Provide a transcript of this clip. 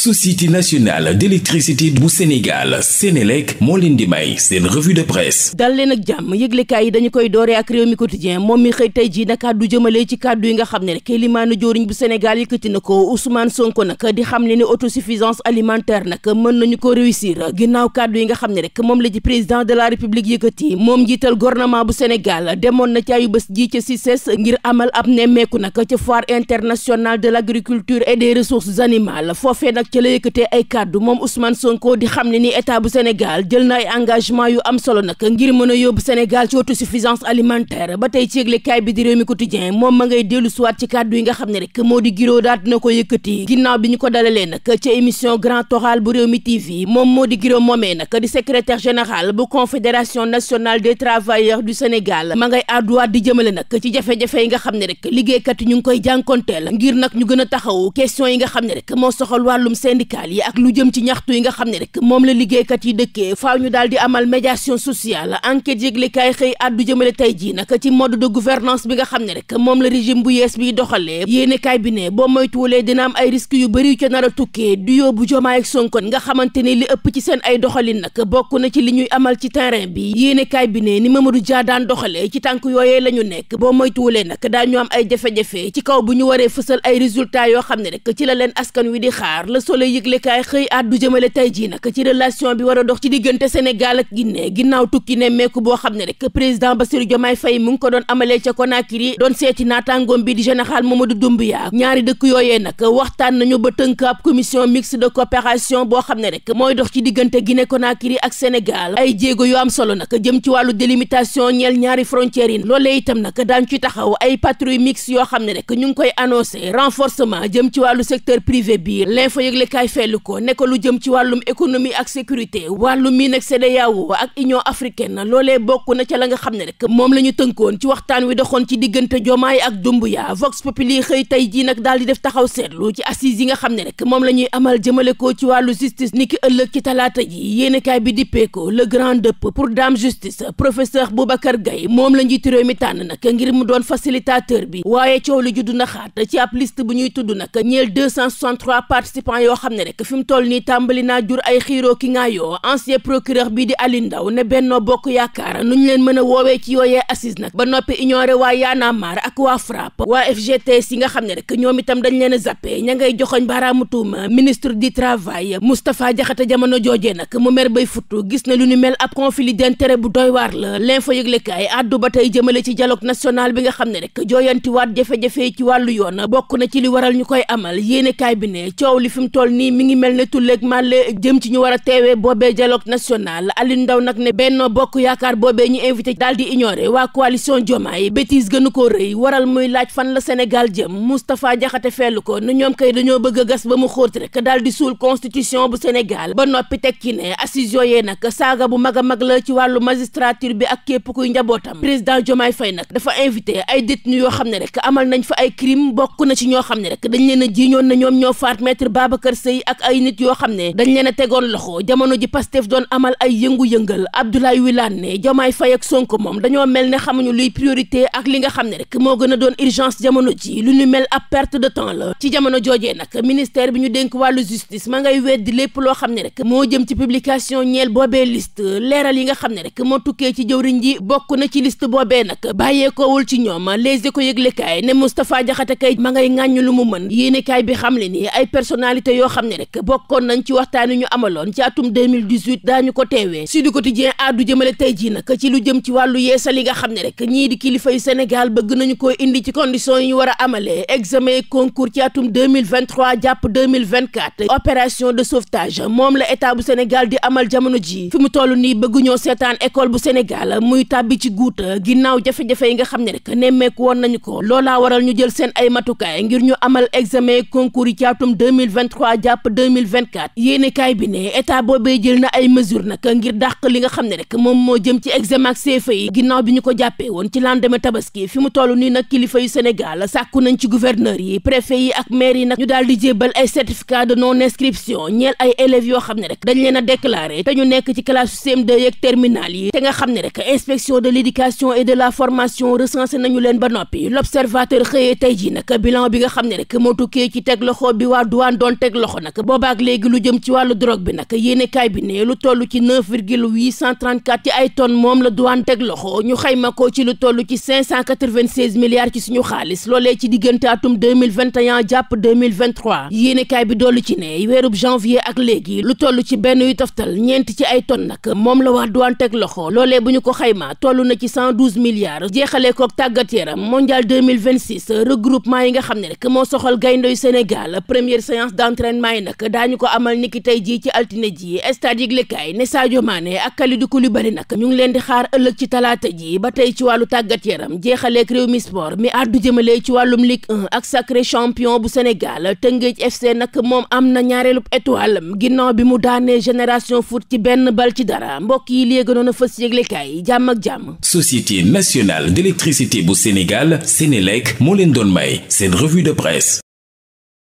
société nationale d'électricité bu Sénégal Sénélec moo leen di may seen revue de presse dal leen ak jàmm yëglekaay yi dañu koy dooree ak réew mi quotidien moom mi xëy tey ji nag kàddu jëmale ci kàddu yi nga xam ne rek limaanu jóoriñ bu Sénégal yëkkati na ko Ousmane Sonko nag di xam ne ne autosuffisance alimentaire nag mën nañu ko réussir ginnaaw kàddu yi nga xam ne rek moom la ci président de la république yëkkati moom jiital gouvernement bu Sénégal demoon na ci ayu bés ji ca CICES ngir amal ab nemmeeku nag ca foire internationale de l'agriculture et des ci la yëkkatee ay kàddu moom Ousmane Sonko di xam ne ni état bu Sénégal jël na ay engagement yu am solo nag ngir mën a yóbbu Sénégal ci suffisance alimentaire ba tey ci yëglekaay bi di réew mi quotidien moom ma ngay dellu suwaat ci kàddu yi nga xam ne rek moo di giroo daat dina ko yëkkati ginnaaw bi ñu ko dalalee nag ca émission Grand Oral bu réew mi TV moom moo di giroo moomee nag di secrétaire général bu confédération nationale des travailleurs du Sénégal ma ngay àdduwaat di jëmale nag ci jafe-jafe yi nga xam ne rek liggéeykat yi ñu ngi koy jànkonteel ngir nag ñu gën a taxaw question yi nga xam syndicale yi ak lu jëm ci ñaxtu yi nga xam ne rek moom la liggéeykat yi dëkkee faaw ñu daal di amal médiation sociale enquête yëglekaay xëy àddu jëmale tey jii nag ci mode de gouvernance bi nga xam ne rek moom la régime bu yees bi doxalee yéenekaay bi ne boo moytuwulee dina am ay risques yu bëri yu ca tukkee du yóbbu Jomaay ak Sonko nga xamante ni li ëpp ci seen ay doxalin nag bokk na ci li ñuy amal ci terrain bi yéenekaay bi ne ni Mamadou Dia daan doxalee ci tànk yooyee la ñu nekk boo moytuwulee nag daañu am ay jafe ci kaw bu ñu waree fësal ay résultats yoo xam ne rek ci la leen askan wi di xaar Soleil yëglekaay xëy àddu jëmale tey jii nag ci relation bi war a dox ci diggante Sénégal ak Guinée ginnaaw tukki ne meeku boo xam ne rek président ba Bassirou Diomaye Faye mu ngi ko doon amalee ca Conakry doon seeti naataangoom bi di général Mamadou Doumbouya ñaari dëkk yooyee nag waxtaan nañu ba tënk ab commission mixte de coopération boo xam ne rek mooy dox ci diggante Guinée Conakry ak Sénégal ay jéego yo am solo nag jëm ci wàllu délimitation ñel ñaari frontières yi loolee itam nag daan ci taxaw ay patrouille mixte yoo xam ne rek ñu ngi koy annoncé renforcement jëm ci wàllu secteur privé bi yëglekaay fellu ko ne ko lu jëm ci wàllum économie ak sécurité wàllum mii nag CEDEAO ak union africaine loole bokk na ca la nga xam ne rek moom la ñu tënkoon ci waxtaan wi doxoon ci diggante Jomaay ak Dumbuya Vox Populi xëy tey jii nag daal di def taxaw seetlu ci assises yi nga xam ne rek moom la ñuy amal jëmale ko ci wàllu justice niki ëllëg ci talaata ji yéenekaay bi di peeko le grand dëpp pour dame justice professeur Boubacar Gaye moom la njiitu réew mi tànn nak ngir mu doon facilitateur bi waaye na xaat ci ab bu ñuy tudd nag ñeel 263 yoo xam ne rek fi toll nii tàmbali naa jur ay xiiroo ki ngaayoo ancien procureur bii di Aliou Ndao ne Benno Bokk Yaakaar nu ñu leen mën a woowee ci yooyee assise nag ba noppi ignoré waa Y'en a marre ak waa FRAPP waa FGTS yi nga xam ne rek ñoom itam dañ leen a zappé ña ngay joxoñ baaraamu tuuma ministre du travail Moustapha Diakhaté jamono joojee nag mu mer bay futtu gis na lu ñu mel ab conflit d'intérêt bu doy waar la l'info yëglekaay addu ba tey jëmale ci dialogue national bi nga xam ne rek jooyantiwaat jafe-jafe ci wàllu yoon bokk na ci li waral ñu koy amal yéenekaay toll nii mi ngi mel ne tulleeg màlle jëm ci ñu war a teewee dialogue national Alioune Ndao nag ne Benno Bokk Yaakaar boobee ñu invité daal di ignoré waa coalition Diomaye bêtise gënu ko rëy waral muy laaj fan la Sénégal jëm Moustapha Diakhaté fellu ko na ñoom kay dañoo bëgg a gas ba mu xóot rek daal di suul constitution bu Sénégal ba noppi teg ci ne assises yooyee nag saaga bu mag a mag la ci wàllu magistrature bi ak képp kuy njabootam président Diomaye Faye nag dafa invité ay détenus yoo xam ne rek amal nañ ay crime bokk na ci ñoo xam ne rek dañ leen a Babacar Sèye ak ay nit yoo xam ne dañ leen tegoon loxo jamono ji Pastef doon amal ay yëngu-yëngal Abdoulaye Wilane ne Diomaye Faye ak Sonko moom dañoo mel ne xamuñu luy priorité ak li nga xam ne rek moo gën a doon urgence jamono joojee nag ministère bi ñu dénk wàllu justice ma ngay weddi lépp loo xam ne rek moo jëm ci publication ñeel boobee liste leeral yi nga xam ne rek moo tukkee ci jëwriñ ji bokk na ci liste boobee nag bàyyeekoowul ci ñoom les éco yëglekaay yoo xam ne rek bokkoon nañ ci waxtaan ñu amaloon ci atum 2018 daañu ko teewee Sud Quotidien addu jëmale tey jii nag ci lu jëm ci wàllu yeesal yi nga xam ne rek ñii di kilifa yu Sénégal bëgg nañu koo indi ci conditions yi ñu war a amalee examen concours ci atum mille 2023 jàpp 2024 opération de sauvetage moom la état bu Sénégal di amal jamono ji fi mu toll nii bëgguñoo ñoo seetaan école bu Sénégal muy tàbbi ci guut ginnaaw jafe-jafe yi nga xam ne rek nemmeeku woon nañu ko loolaa waral ñu jël seen ay matukaay ngir ñu amal examen concours yi ci atum 2023 2023 jàpp 2024 yéenekaay bi ne état boobee jël na ay mesures nag ngir dàq li nga xam ne rek moom moo jëm ci examen ak CFEE yi ginnaaw bi ñu ko jàppee woon ci lendemain tabaski fi mu toll nii nag kilifa yu Sénégal sàkku nañ ci gouverneur yi préfet yi ak maire yi nag ñu daal di jébbal ay certificat de non inscription ñeel ay élèves yoo xam ne rek dañ leen a déclaré te ñu nekk ci classe CM2 yeeg terminale yi te nga xam ne rek inspection de l'éducation et de la formation recensé nañu leen ba noppi l'observateur xëyee tey ji nag bilan bi nga xam ne rek moo tukkee ci teg loxo bi waa douane loxo nag boobaak léegi lu jëm ci wàllu drogue bi nag yéenekaay bi ne lu toll ci 9 virgule 834 ci ay tonnes moom la douane teg loxo ñu xayma ko ci lu toll ci 596 milliards ci suñu xaalis loolee ci diggante atum 2021 jàpp 2023 yéenekaay bi dollu ci ne weerub janvier ak léegi lu toll ci benn yu ñeenti ci ay tonnes nag moom la wax douane teg loxo loolee bu ñu ko xayma toll na ci 112 milliards jeexalee kook tàggat yaram mondial 2026 regroupement yi nga xam ne rek moo soxal gayndoy Sénégal première séance d' entraînement yi nag daañu ko amal nikk tey jii ci altine ji stade yëglekaay ne Sadio Mané ak Kalidou Koulibaly nag ñu ngi leen di xaar ëllëg ci talaata ji ba tey ci wàllu tàggat yaram jeexaleeg réew mi sport mi àddu jëmale ci wàllum Ligue 1 ak sacré champion bu Sénégal Tëngéej FC nag moom am na ñaareelub étoile ginnaaw bi mu daanee génération foot ci benn bal ci dara mbokk yi léegi noonu fës yëglekaay jàmm ak jàmm. Société nationale d'électricité bu Sénégal Sénélec moo leen doon may seen revue de presse.